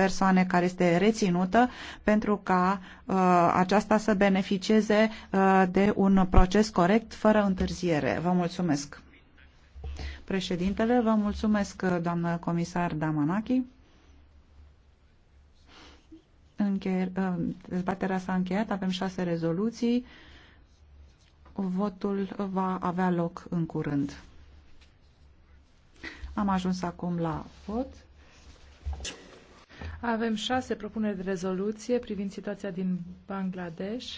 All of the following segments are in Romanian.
persoane care este reținută pentru ca uh, aceasta să beneficieze uh, de un proces corect fără întârziere. Vă mulțumesc. Președintele, vă mulțumesc, uh, doamnă comisar Damanaki. Încheier, uh, dezbaterea s-a încheiat, avem șase rezoluții. Votul va avea loc în curând. Am ajuns acum la vot. Avem șase propuneri de rezoluție privind situația din Bangladesh.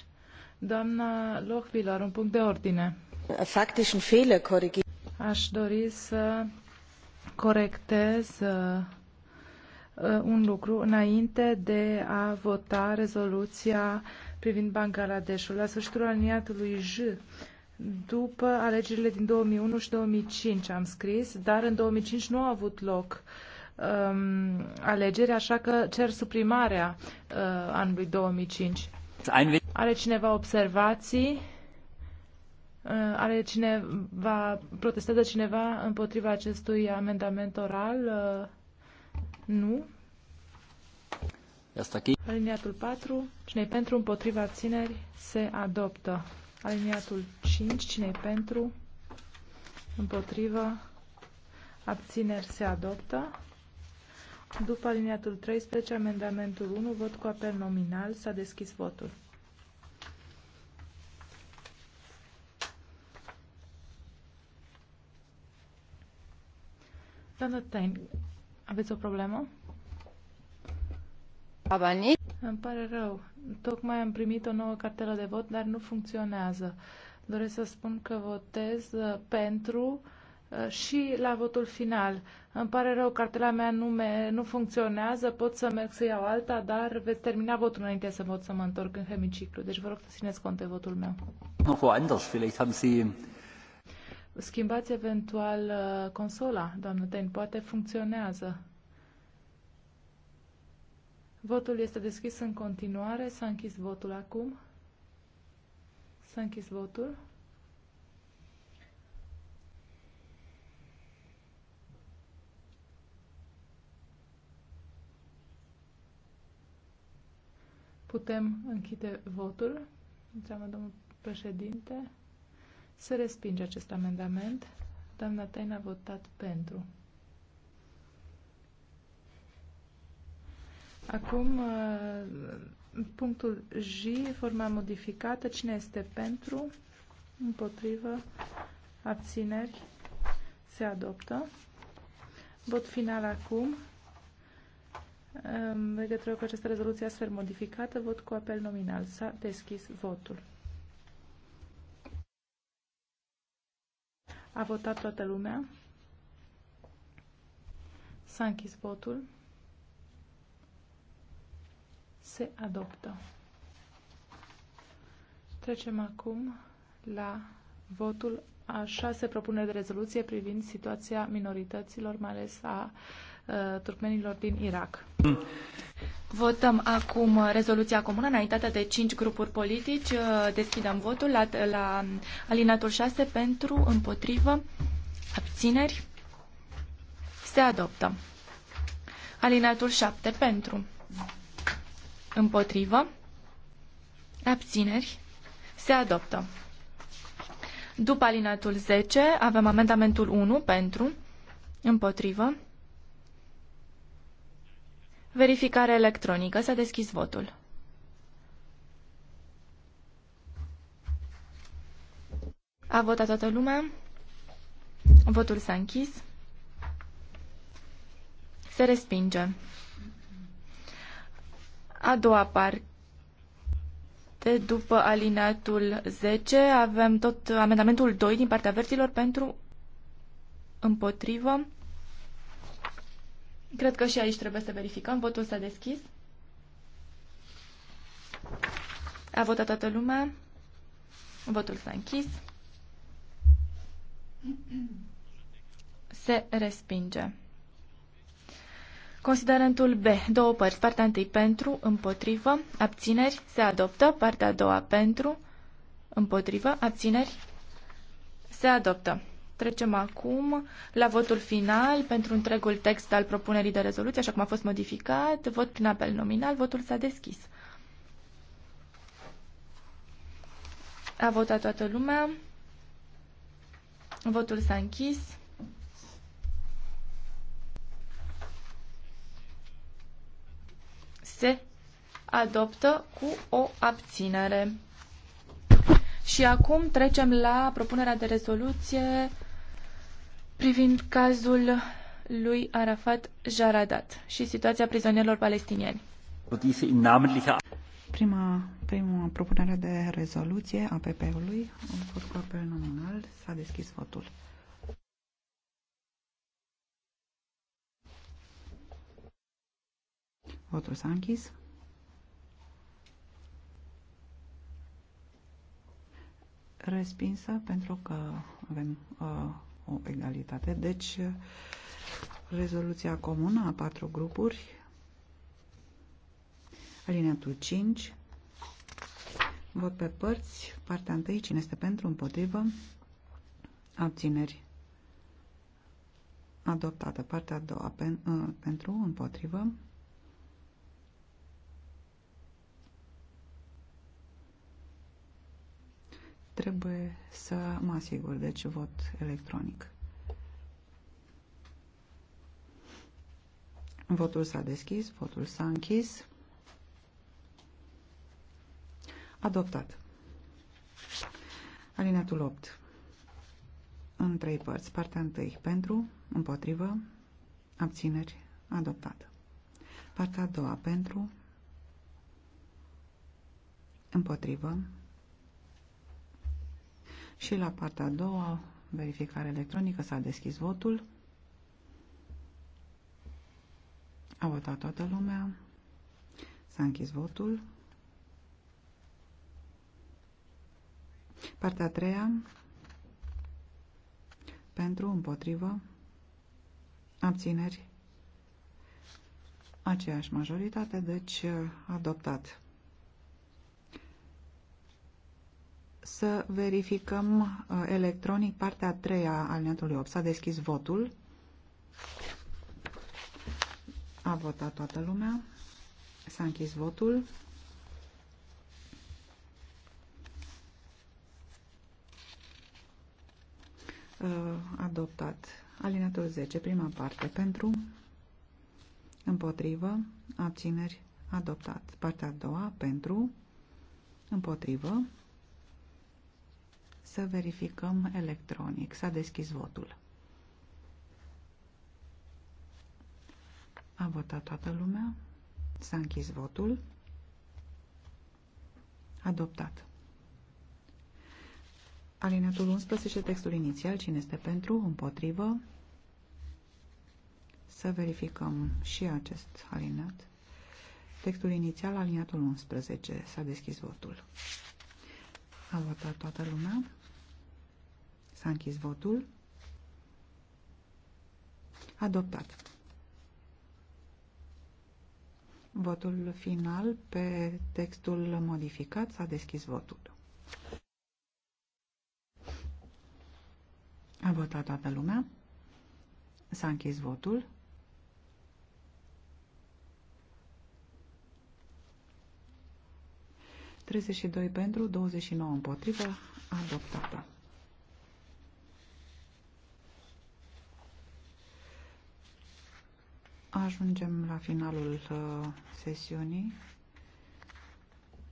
Doamna Lohvilar, un punct de ordine. Faktischen Fehler korrigieren. Aș dori să corectez uh, uh, un lucru înainte de a vota rezoluția privind Bangladeshul. La sfârșitul aliniatului J, după alegerile din 2001 și 2005 am scris, dar în 2005 nu a avut loc uh, um, alegeri, așa că cer suprimarea uh, anului 2005. Are cineva observații? Uh, are cineva, protestează cineva împotriva acestui amendament oral? Uh, nu. Aliniatul 4. Cine-i pentru, împotriva țineri se adoptă. Aliniatul 5. Cine-i pentru, împotriva abțineri, se adoptă. După aliniatul 13, amendamentul 1, vot cu apel nominal, s-a deschis votul. Doamnă Tain, aveți o problemă? Abani? Îmi pare rău. Tocmai am primit o nouă cartelă de vot, dar nu funcționează. Doresc să spun că votez uh, pentru Uh, și la votul final. Îmi pare rău, cartela mea nu, me, nu funcționează, pot să merg să iau alta, dar veți termina votul înainte să pot să mă întorc în hemiciclu. Deci vă rog să țineți cont de votul meu. Noch woanders, vielleicht haben Sie... Schimbați eventual uh, consola, doamnă Tain, poate funcționează. Votul este deschis în continuare. S-a închis votul acum. S-a închis votul. Putem închide votul, întreabă domnul președinte. să respinge acest amendament. Doamna Taina a votat pentru. Acum, uh, punctul J, forma modificată, cine este pentru, împotrivă, abțineri, se adoptă. Vot final acum, în legătură cu această rezoluție astfel modificată, vot cu apel nominal. S-a deschis votul. A votat toată lumea. S-a închis votul. Se adoptă. Trecem acum la votul a șase propuneri de rezoluție privind situația minorităților, mai ales a ă, turcmenilor din Irak. Votăm acum rezoluția comună înaintată de cinci grupuri politici. Ă, deschidem votul la, la alinatul 6 pentru, împotrivă, abțineri. Se adoptă. Alinatul 7 pentru, împotrivă, abțineri. Se adoptă. După alinatul 10 avem amendamentul 1 pentru, împotrivă. Verificare electronică. S-a deschis votul. A votat toată lumea. Votul s-a închis. Se respinge. A doua parte 7 după alineatul 10 avem tot amendamentul 2 din partea verzilor pentru împotrivă. Cred că și aici trebuie să verificăm. Votul s-a deschis. A votat toată lumea. Votul s-a închis. Se respinge. Considerentul B, două părți, partea întâi pentru, împotrivă, abțineri, se adoptă, partea a doua pentru, împotrivă, abțineri, se adoptă. Trecem acum la votul final pentru întregul text al propunerii de rezoluție, așa cum a fost modificat, vot prin apel nominal, votul s-a deschis. A votat toată lumea, votul s-a închis. adoptă cu o abținere. Și acum trecem la propunerea de rezoluție privind cazul lui Arafat Jaradat și situația prizonierilor palestinieni. Prima, prima propunere de rezoluție a PP-ului, un vot cu apel nominal, s-a deschis votul. Votul s-a închis. respinsă pentru că avem uh, o egalitate. Deci, rezoluția comună a patru grupuri, alineatul 5, vot pe părți, partea întâi, cine este pentru, împotrivă, abțineri, adoptată, partea a doua, pen, uh, pentru, împotrivă, trebuie să mă asigur, deci vot electronic. Votul s-a deschis, votul s-a închis. Adoptat. Alineatul 8. În trei părți. Partea 1. Pentru, împotrivă, abțineri, adoptat Partea a doua. Pentru, împotrivă, și la partea a doua, verificare electronică, s-a deschis votul. A votat toată lumea. S-a închis votul. Partea a treia, pentru, împotrivă, abțineri, aceeași majoritate, deci adoptat. să verificăm uh, electronic partea a treia al alineatului 8. S-a deschis votul. A votat toată lumea. S-a închis votul. Uh, adoptat. Alineatul 10, prima parte, pentru, împotrivă, abțineri, adoptat. Partea a doua, pentru, împotrivă, să verificăm electronic. S-a deschis votul. A votat toată lumea. S-a închis votul. Adoptat. Alineatul 11, textul inițial, cine este pentru, împotrivă. Să verificăm și acest alineat. Textul inițial, alineatul 11, s-a deschis votul. A votat toată lumea. S-a închis votul. Adoptat. Votul final pe textul modificat s-a deschis votul. A votat toată lumea. S-a închis votul. Treizeci și doi pentru, douăzeci și nouă împotrivă, adoptată. Ajungem la finalul uh, sesiunii.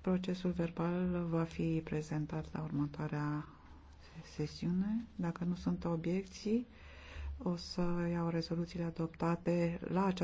Procesul verbal va fi prezentat la următoarea sesiune. Dacă nu sunt obiecții, o să iau rezoluțiile adoptate la această